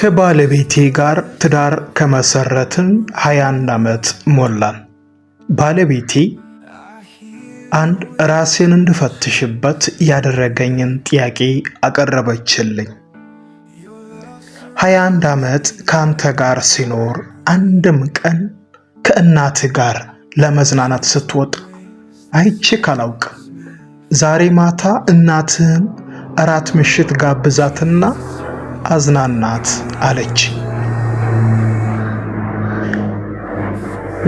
ከባለቤቴ ጋር ትዳር ከመሰረትን 21 ዓመት ሞላን። ባለቤቴ አንድ ራሴን እንድፈትሽበት ያደረገኝን ጥያቄ አቀረበችልኝ። 21 ዓመት ከአንተ ጋር ሲኖር አንድም ቀን ከእናት ጋር ለመዝናናት ስትወጣ አይቼ ካላውቅም ዛሬ ማታ እናትህን እራት ምሽት ጋብዛትና አዝናናት አለች።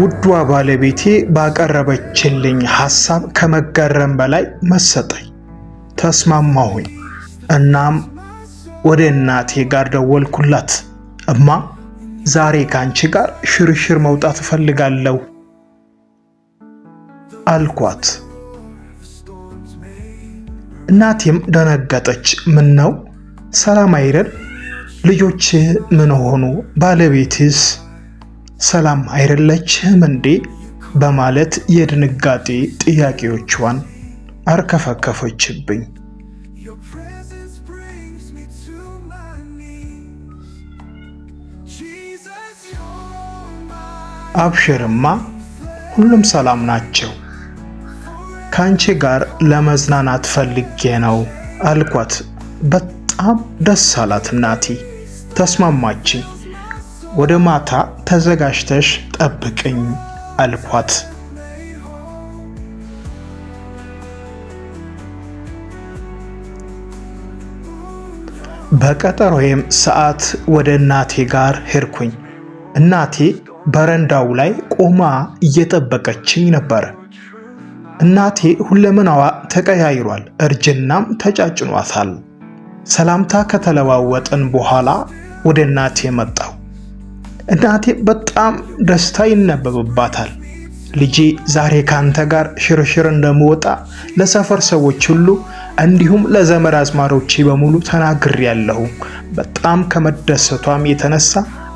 ውዷ ባለቤቴ ባቀረበችልኝ ሐሳብ ከመገረም በላይ መሰጠኝ። ተስማማሁኝ። እናም ወደ እናቴ ጋር ደወልኩላት። እማ ዛሬ ከአንቺ ጋር ሽርሽር መውጣት እፈልጋለሁ አልኳት። እናቴም ደነገጠች። ምን ነው ሰላም አይደል? ልጆች ምን ሆኑ? ባለቤትስ ሰላም አይደለችም እንዴ? በማለት የድንጋጤ ጥያቄዎቿን አርከፈከፈችብኝ። አብሽርማ ሁሉም ሰላም ናቸው፣ ከአንቺ ጋር ለመዝናናት ፈልጌ ነው አልኳት። በጣም ደስ አላት እናቴ። ተስማማችኝ ወደ ማታ ተዘጋጅተሽ ጠብቅኝ አልኳት። በቀጠሮዬም ሰዓት ወደ እናቴ ጋር ሄድኩኝ። እናቴ በረንዳው ላይ ቆማ እየጠበቀችኝ ነበር። እናቴ ሁለመናዋ ተቀያይሯል፣ እርጅናም ተጫጭኗታል። ሰላምታ ከተለዋወጥን በኋላ ወደ እናቴ መጣው እናቴ በጣም ደስታ ይነበብባታል። ልጄ ዛሬ ካንተ ጋር ሽርሽር እንደምወጣ ለሰፈር ሰዎች ሁሉ እንዲሁም ለዘመድ አዝማዶቼ በሙሉ ተናግር ያለሁ። በጣም ከመደሰቷም የተነሳ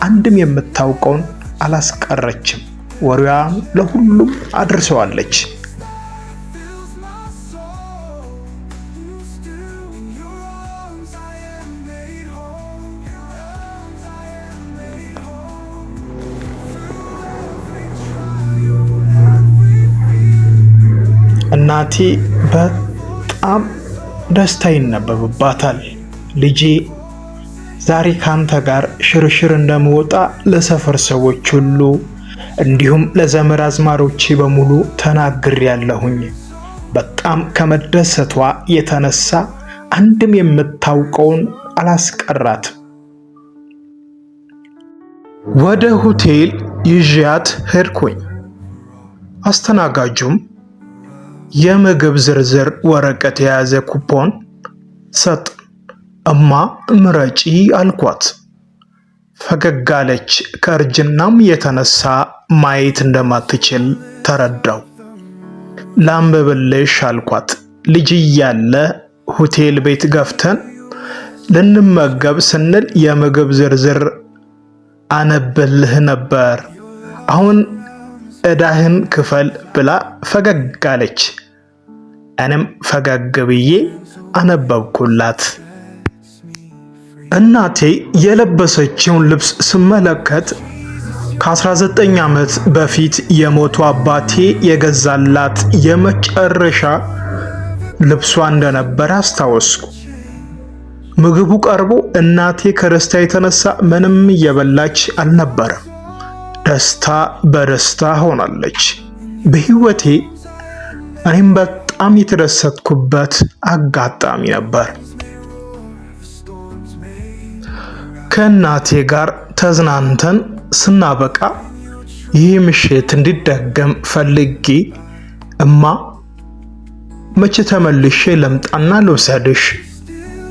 አንድም የምታውቀውን አላስቀረችም። ወሬዋን ለሁሉም አድርሰዋለች። እናቴ በጣም ደስታ ይነበብባታል። ልጄ ዛሬ ካንተ ጋር ሽርሽር እንደምወጣ ለሰፈር ሰዎች ሁሉ እንዲሁም ለዘመድ አዝማዶቼ በሙሉ ተናግር ያለሁኝ። በጣም ከመደሰቷ የተነሳ አንድም የምታውቀውን አላስቀራትም። ወደ ሆቴል ይዣት ሄድኩኝ። አስተናጋጁም የምግብ ዝርዝር ወረቀት የያዘ ኩፖን ሰጥ እማ ምረጪ አልኳት። ፈገግ አለች። ከእርጅናም የተነሳ ማየት እንደማትችል ተረዳው። ላንብብልሽ አልኳት። ልጅ እያለ ሆቴል ቤት ገፍተን ልንመገብ ስንል የምግብ ዝርዝር አነብልህ ነበር፣ አሁን እዳህን ክፈል ብላ ፈገግ አለች። እኔም ፈገግ ብዬ አነበብኩላት። እናቴ የለበሰችውን ልብስ ስመለከት ከ19 ዓመት በፊት የሞቱ አባቴ የገዛላት የመጨረሻ ልብሷ እንደነበር አስታወስኩ። ምግቡ ቀርቦ እናቴ ከደስታ የተነሳ ምንም እየበላች አልነበረም። ደስታ በደስታ ሆናለች። በህይወቴ እኔም በጣም የተደሰትኩበት አጋጣሚ ነበር። ከእናቴ ጋር ተዝናንተን ስናበቃ ይህ ምሽት እንዲደገም ፈልጌ እማ መቼ ተመልሼ ለምጣና ልውሰድሽ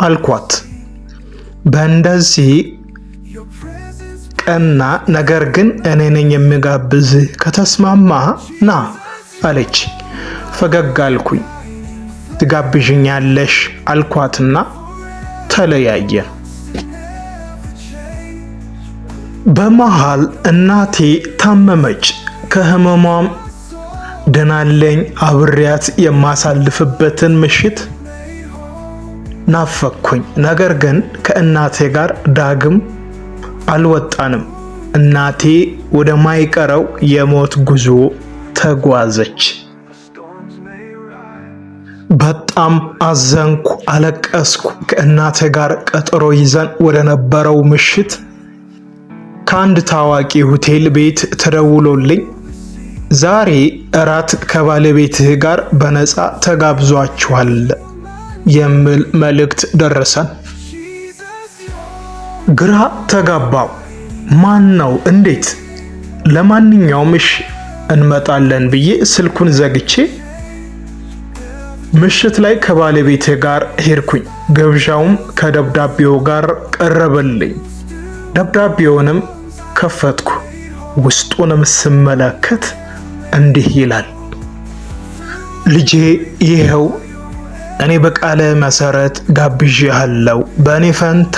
አልኳት። በእንደዚህ ቀና ነገር ግን እኔ ነኝ የሚጋብዝህ ከተስማማ ና አለች። ፈገግ አልኩኝ። ትጋብዥኛለሽ አልኳትና ተለያየን። በመሃል እናቴ ታመመች። ከህመሟም ደናለኝ አብሬያት የማሳልፍበትን ምሽት ናፈኩኝ። ነገር ግን ከእናቴ ጋር ዳግም አልወጣንም። እናቴ ወደ ማይቀረው የሞት ጉዞ ተጓዘች። በጣም አዘንኩ፣ አለቀስኩ። ከእናተ ጋር ቀጠሮ ይዘን ወደ ነበረው ምሽት ከአንድ ታዋቂ ሆቴል ቤት ተደውሎልኝ ዛሬ እራት ከባለቤትህ ጋር በነፃ ተጋብዟችኋል የሚል መልእክት ደረሰን። ግራ ተጋባው። ማን ነው? እንዴት? ለማንኛውም እሺ እንመጣለን ብዬ ስልኩን ዘግቼ ምሽት ላይ ከባለቤቴ ጋር ሄድኩኝ። ግብዣውም ከደብዳቤው ጋር ቀረበልኝ። ደብዳቤውንም ከፈትኩ። ውስጡንም ስመለከት እንዲህ ይላል። ልጄ ይኸው እኔ በቃለ መሰረት ጋብዤሃለሁ። በእኔ ፈንታ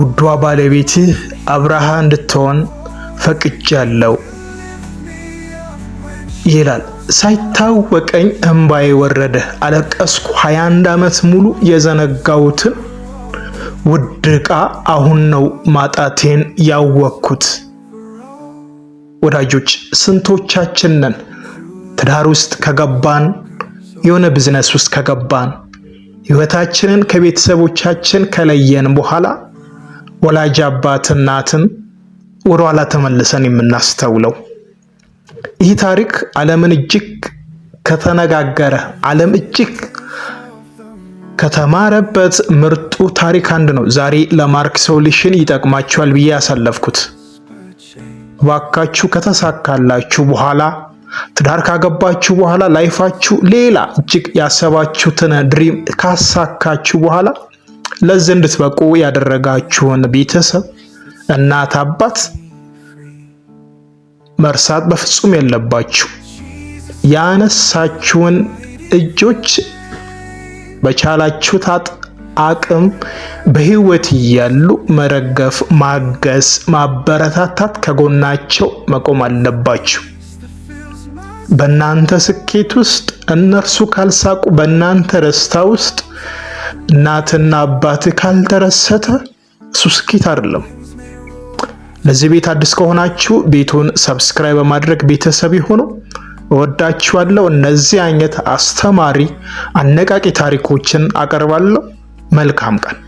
ውዷ ባለቤትህ አብርሃ እንድትሆን ፈቅጃለው ይላል። ሳይታወቀኝ እምባዬ ወረደ፣ አለቀስኩ። 21 ዓመት ሙሉ የዘነጋሁትን ውድ ዕቃ አሁን ነው ማጣቴን ያወቅኩት። ወዳጆች ስንቶቻችን ነን ትዳር ውስጥ ከገባን የሆነ ቢዝነስ ውስጥ ከገባን ህይወታችንን ከቤተሰቦቻችን ከለየን በኋላ ወላጅ አባት እናትን ወደኋላ ተመልሰን የምናስተውለው ይህ ታሪክ ዓለምን እጅግ ከተነጋገረ ዓለም እጅግ ከተማረበት ምርጡ ታሪክ አንድ ነው። ዛሬ ለማርክ ሶሊሽን ይጠቅማቸዋል ብዬ ያሳለፍኩት ባካችሁ ከተሳካላችሁ በኋላ ትዳር ካገባችሁ በኋላ ላይፋችሁ ሌላ እጅግ ያሰባችሁትን ድሪም ካሳካችሁ በኋላ ለዚህ እንድትበቁ ያደረጋችሁን ቤተሰብ እናት አባት መርሳት በፍጹም የለባችሁ። ያነሳችሁን እጆች በቻላችሁት አቅም በህይወት እያሉ መደገፍ፣ ማገዝ፣ ማበረታታት፣ ከጎናቸው መቆም አለባችሁ። በእናንተ ስኬት ውስጥ እነርሱ ካልሳቁ፣ በእናንተ ደስታ ውስጥ እናትና አባት ካልተረሰተ እሱ ስኬት አይደለም። ለዚህ ቤት አዲስ ከሆናችሁ ቤቱን ሰብስክራይብ በማድረግ ቤተሰብ ይሁኑ። እወዳችኋለሁ። እነዚህ አይነት አስተማሪ አነቃቂ ታሪኮችን አቀርባለሁ። መልካም ቀን